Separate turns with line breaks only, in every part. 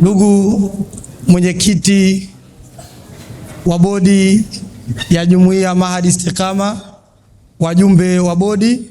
Ndugu mwenyekiti wa bodi ya jumuiya Mahadi Istiqama, wajumbe wa bodi,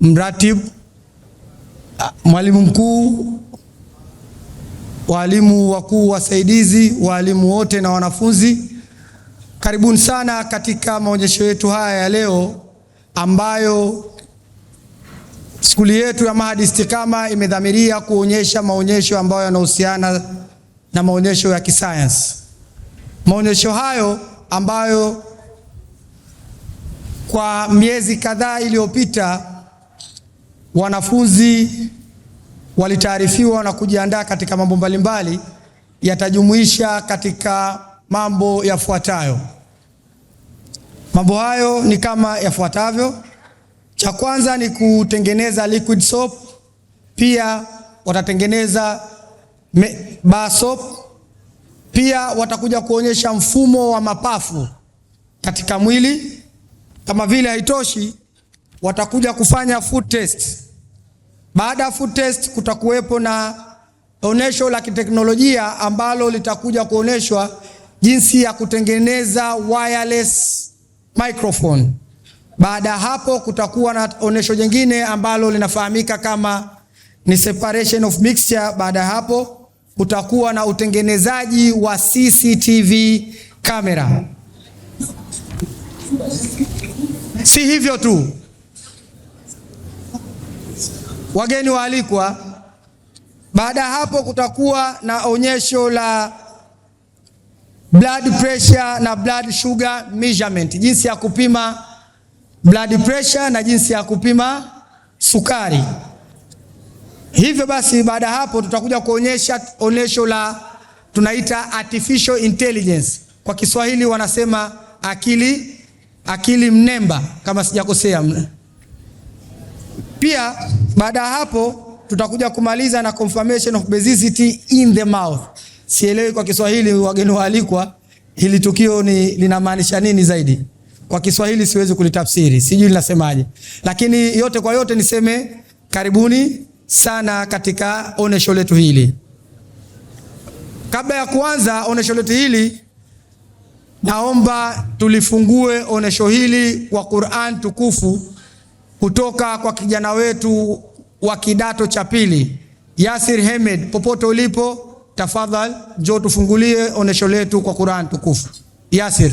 mratibu, mwalimu mkuu, walimu wakuu wasaidizi, walimu wote na wanafunzi, karibuni sana katika maonyesho yetu haya ya leo ambayo Skuli yetu ya Mahadi Istiqama imedhamiria kuonyesha maonyesho ambayo yanahusiana na maonyesho ya kisayansi. Maonyesho hayo ambayo kwa miezi kadhaa iliyopita wanafunzi walitaarifiwa na kujiandaa katika mambo mbalimbali, yatajumuisha katika mambo yafuatayo. Mambo hayo ni kama yafuatavyo: cha kwanza ni kutengeneza liquid soap, pia watatengeneza bar soap, pia watakuja kuonyesha mfumo wa mapafu katika mwili. Kama vile haitoshi, watakuja kufanya food test. Baada ya food test, kutakuwepo na onyesho la kiteknolojia ambalo litakuja kuonyeshwa jinsi ya kutengeneza wireless microphone. Baada ya hapo kutakuwa na onesho jingine ambalo linafahamika kama ni separation of mixture. Baada ya hapo kutakuwa na utengenezaji wa CCTV kamera. Si hivyo tu, wageni waalikwa, baada ya hapo kutakuwa na onyesho la blood pressure na blood sugar measurement, jinsi ya kupima blood pressure na jinsi ya kupima sukari. Hivyo basi, baada ya hapo tutakuja kuonyesha onyesho la tunaita artificial intelligence, kwa Kiswahili wanasema akili akili mnemba kama sijakosea. Pia baada ya hapo tutakuja kumaliza na confirmation of obesity in the mouth. Sielewi kwa Kiswahili, wageni waalikwa, hili tukio ni linamaanisha nini zaidi? Kwa Kiswahili siwezi kulitafsiri, sijui linasemaje, lakini yote kwa yote niseme karibuni sana katika onesho letu hili. Kabla ya kuanza onesho letu hili, naomba tulifungue onesho hili kwa Qur'an tukufu kutoka kwa kijana wetu wa kidato cha pili Yasir Hemed. Popote ulipo, tafadhal njoo tufungulie onesho letu kwa Qur'an tukufu. Yasir.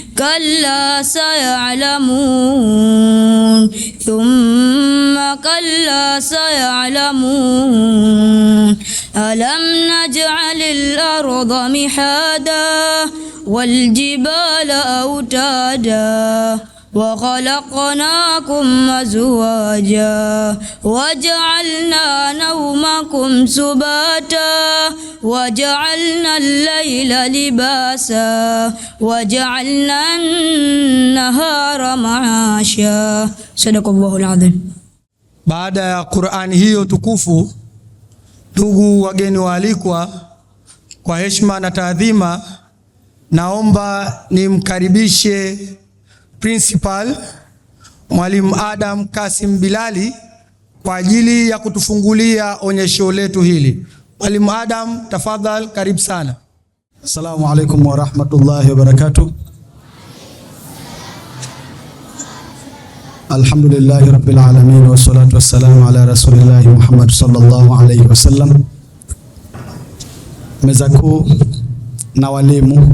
كلا سيعلمون ثم كلا سيعلمون ألم نجعل الأرض مهادا والجبال أوتادا وخلقناكم أزواجا وجعلنا نومكم سباتا وجعلنا الليل لباسا وجعلنا النهار معاشا صدق الله العظيم
Baada ya Qur'ani hiyo tukufu, ndugu wageni waalikwa, kwa heshima na taadhima, naomba nimkaribishe Principal Mwalimu Adam Kasim Bilali kwa ajili ya kutufungulia onyesho letu hili. Mwalimu Adam, tafadhal, karibu sana.
Assalamu rahmatullahi wa barakatuh. Alhamdulillahi rabbil alamin wa wassalatu wassalamu ala rasulillahi Muhammad sallallahu alayhi wasallam. Meza kuu na walimu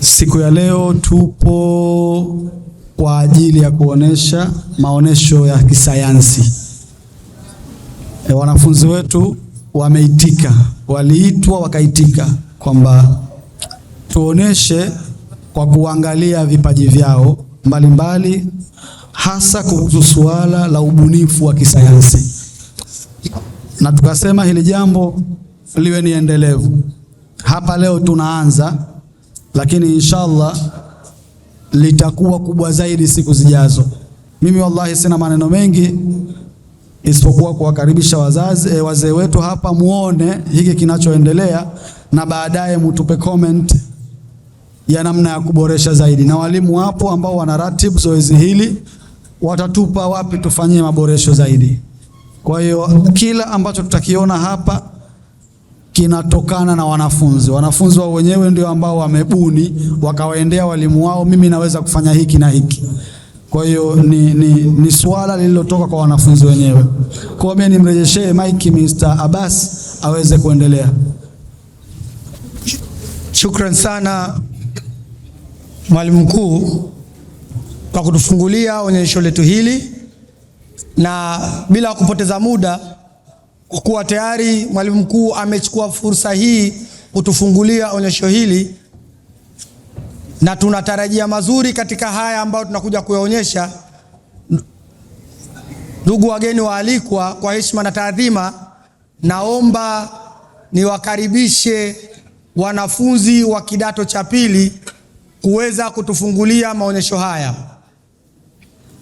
Siku ya leo tupo kwa ajili ya kuonesha maonesho ya kisayansi. E, wanafunzi wetu wameitika, waliitwa wakaitika kwamba tuoneshe kwa kuangalia vipaji vyao mbalimbali mbali, hasa kuhusu suala la ubunifu wa kisayansi, na tukasema hili jambo liwe ni endelevu. Hapa leo tunaanza lakini inshallah litakuwa kubwa zaidi siku zijazo. Mimi wallahi sina maneno mengi isipokuwa kuwakaribisha wazazi e, wazee wetu hapa muone hiki kinachoendelea, na baadaye mutupe comment ya namna ya kuboresha zaidi, na walimu wapo ambao wanaratibu zoezi hili, watatupa wapi tufanyie maboresho zaidi. Kwa hiyo kila ambacho tutakiona hapa kinatokana na wanafunzi. Wanafunzi wao wenyewe ndio ambao wamebuni wakawaendea walimu wao, mimi naweza kufanya hiki na hiki. Kwa hiyo ni, ni, ni swala lililotoka kwa wanafunzi wenyewe. Kwa hiyo nimrejeshee mike Mr. Abbas aweze kuendelea.
Shukran sana mwalimu mkuu kwa kutufungulia onyesho letu hili, na bila kupoteza muda kwa kuwa tayari mwalimu mkuu amechukua fursa hii kutufungulia onyesho hili, na tunatarajia mazuri katika haya ambayo tunakuja kuyaonyesha. Ndugu wageni waalikwa, kwa heshima na taadhima, naomba niwakaribishe wanafunzi wa kidato cha pili kuweza kutufungulia maonyesho haya.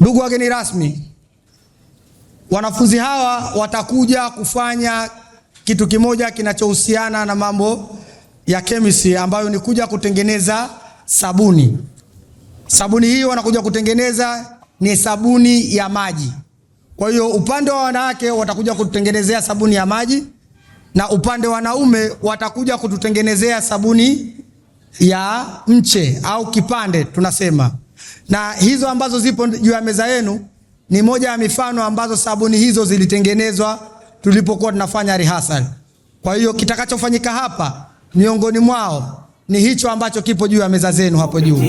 Ndugu wageni rasmi Wanafunzi hawa watakuja kufanya kitu kimoja kinachohusiana na mambo ya kemisi ambayo ni kuja kutengeneza sabuni. Sabuni hii wanakuja kutengeneza ni sabuni ya maji. Kwa hiyo upande wa wanawake watakuja kututengenezea sabuni ya maji na upande wa wanaume watakuja kututengenezea sabuni ya mche au kipande tunasema. Na hizo ambazo zipo juu ya meza yenu ni moja ya mifano ambazo sabuni hizo zilitengenezwa tulipokuwa tunafanya rehearsal. Kwa hiyo kitakachofanyika hapa miongoni mwao ni hicho ambacho kipo juu ya meza zenu hapo juu.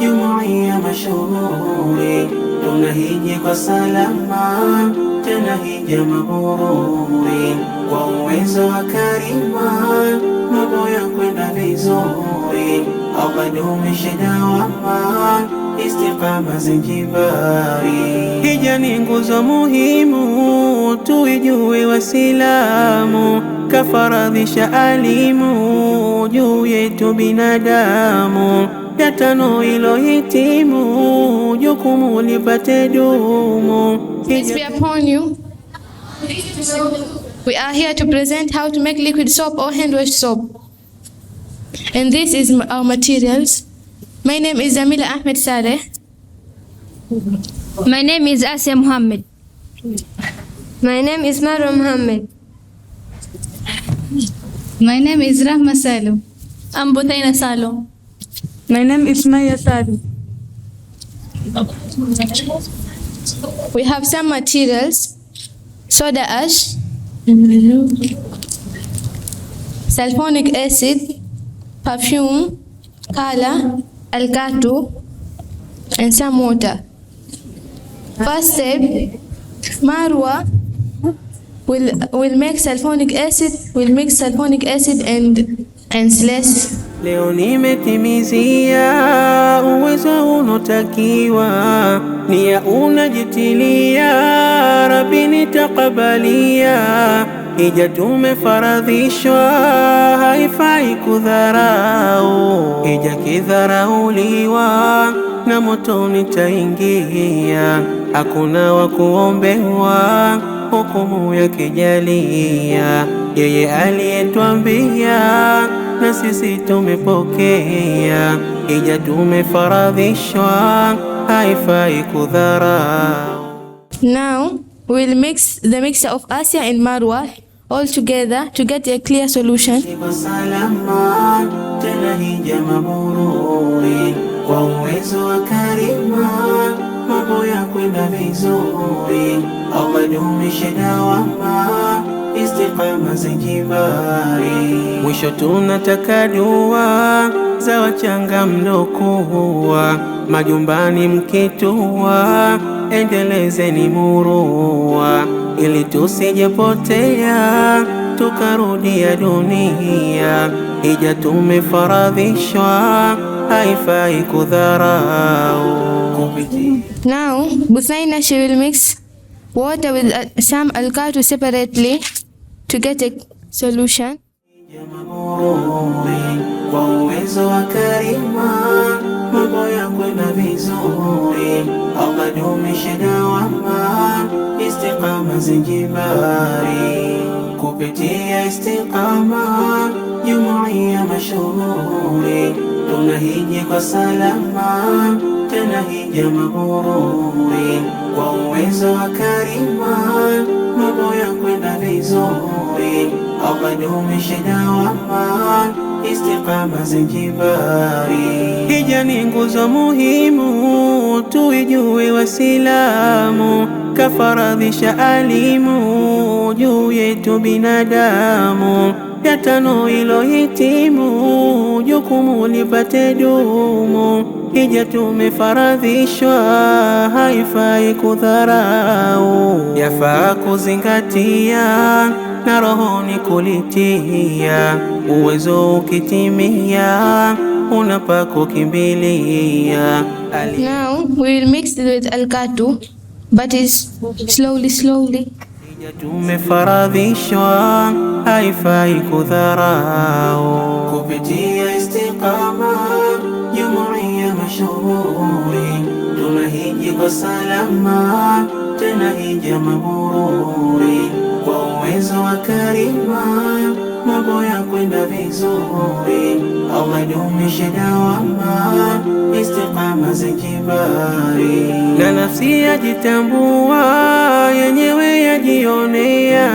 Jumuiya mashuhuri tunahiji kwa salama, tena hija mabururi kwa uwezo wa Karima, mambo ya kwenda vizuri, au dawama Istiqama Zanzibari. Hija ni nguzo muhimu, tuijue Waislamu, kafaradhisha alimu juu yetu binadamu. Datano ilo hitimu, jukumu lipate dumu.
Peace be upon you. We are here to present how to make liquid soap or hand wash soap. And this is our materials. My name is Amila Ahmed Saleh.
My name is Asya Muhammad.
My name is Maro Muhammad.
My name is Rahma Salum.
I'm Butaina Salum.
My name is Maya Salum.
We have some materials. Soda ash. Sulfonic acid. Perfume. Color. alkatu, and some water. First step, marwa will will make sulfonic acid, will make sulfonic acid and and slash.
Leo nimetimizia uweza unotakiwa, nia unajitilia, Rabbi nitakabalia ija tumefaradhishwa, haifai kudharau. ija kidharauliwa, na motoni taingia. Hakuna wa kuombewa, hukumu ya kijalia. Yeye aliyetwambia, na sisi tumepokea. ija tumefaradhishwa, haifai kudharau.
Now we'll mix the mixture of Asia and Marwa all together to get a clear solution.
Kwa uwezo wa Karima mambo ya kwenda vizuri, dawama Mwisho tunataka dua za wachanga mlokuwa majumbani mkitua, endelezeni murua ili tusijepotea tukarudia dunia. Hija tumefaradhishwa haifai kudharau.
Now will mix water with uh, some alkatu separately to get a solution.
vizuri, Allah dumishe dawama Istiqama Zanzibari kupitia Istiqama jumuiya mashuhuri, tunahiji kwa salama tena hija mabururi, kwa uwezo wa Karima mambo ya kwenda vizuri, Allah dumishe dawama Istiqama Zanjibari. Hija ni nguzo muhimu, tuijue Waislamu, kafaradhisha alimu juu yetu binadamu, yatano ilo hitimu, jukumu lipate dumu. Hija tumefaradhishwa, haifai kudharau, yafaa kuzingatia na rohoni kulitia, uwezo ukitimia unapako kimbilia.
Now we will mix it with alkatu but is slowly slowly.
Tumefaradhishwa, haifai kudharau kupitia istiqama, jumuiya mashuhuri tunahiji kwa salama tena ya maburi kwa uwezo wa karima, mambo ya kwenda vizuri. Allah dumishe dawama istiqama za kibari, na nafsi yajitambua yenyewe yajionea.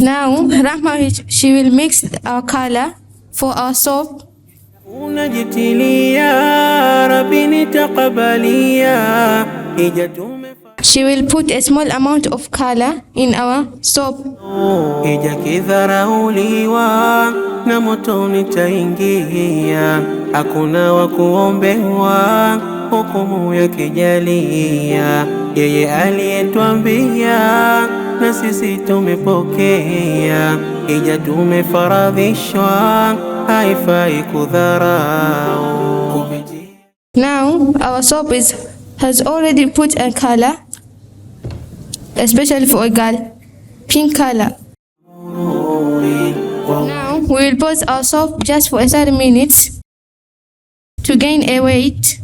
Now Rahma she will mix our color for our soap
unajitilia rabini takabalia
She will put a small amount of color in our soap.
Ija kidharauliwa na moto nitaingia, hakuna wa kuombewa hukumu ya kijalia. Yeye aliyetwambia na sisi tumepokea, ija tumefaradhishwa, haifai kudharau.
Now our soap is has already put a color especially for a girl, pink color. Now we will pause ourselves just for a 30 minutes to gain a weight.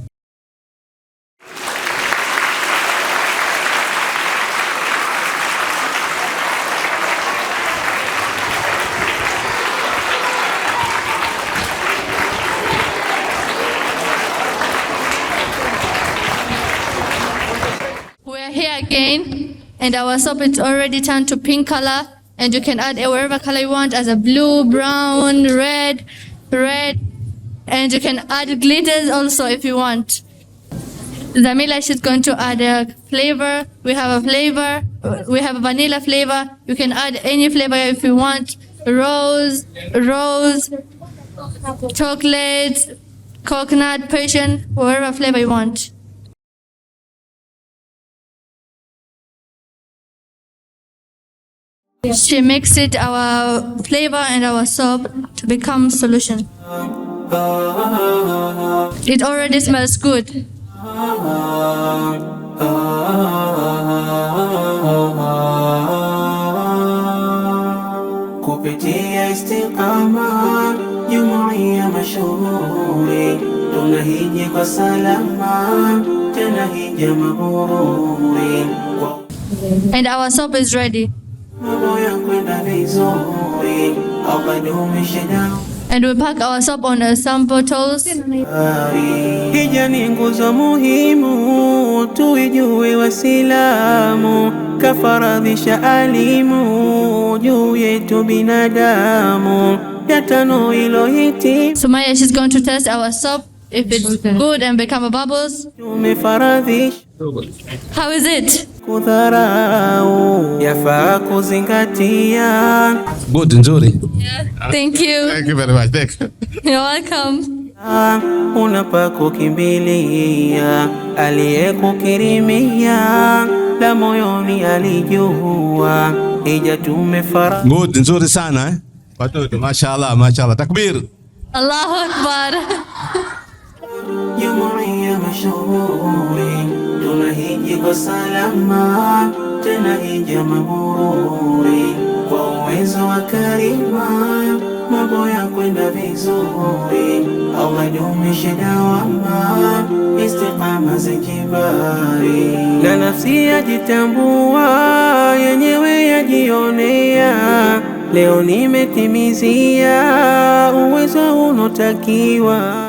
We are here again and our soap it's already turned to pink color and you can add whatever color you want as a blue, brown, red, red, and you can add glitters also if you want. Zamila, she's going to add a flavor. We have a flavor. We have a vanilla flavor. You can add any flavor if you want. Rose, rose, chocolate, coconut, passion, whatever flavor you want. She makes it our flavor and our soap to become solution. It already smells good. Kupitia istiqama, jumuiya mashuhuri, tunahiji kwa salama, And our soap is ready. mambo ya kwenda vizuri au bado umeshadao And we pack ourselves up on uh, some portals. Hija ni nguzo muhimu, tuijue Waislamu, kafaradhisha alimu juu yetu binadamu. Sumaya, she's going to test our soap. If it's good and become a bubbles. How is it? yafaa
kuzingatia. Good, nzuri.
Yeah. Thank you.
Thank you very much. Thanks.
You're welcome. Unapa kukimbilia aliyekukirimia
la moyoni alijua ija tumefara. Good, nzuri sana eh? Watoto, mashallah, mashallah. Takbir.
Allahu Akbar. Jumuiya mashuhuri tunahiji kwa salama, tena hija mabururi kwa uwezo wa Karima, mambo ya kwenda vizuri. Allah dumishe dawama istiqama za na nafsi yajitambua, yenyewe yajionea Leo nimetimizia uwezo unotakiwa.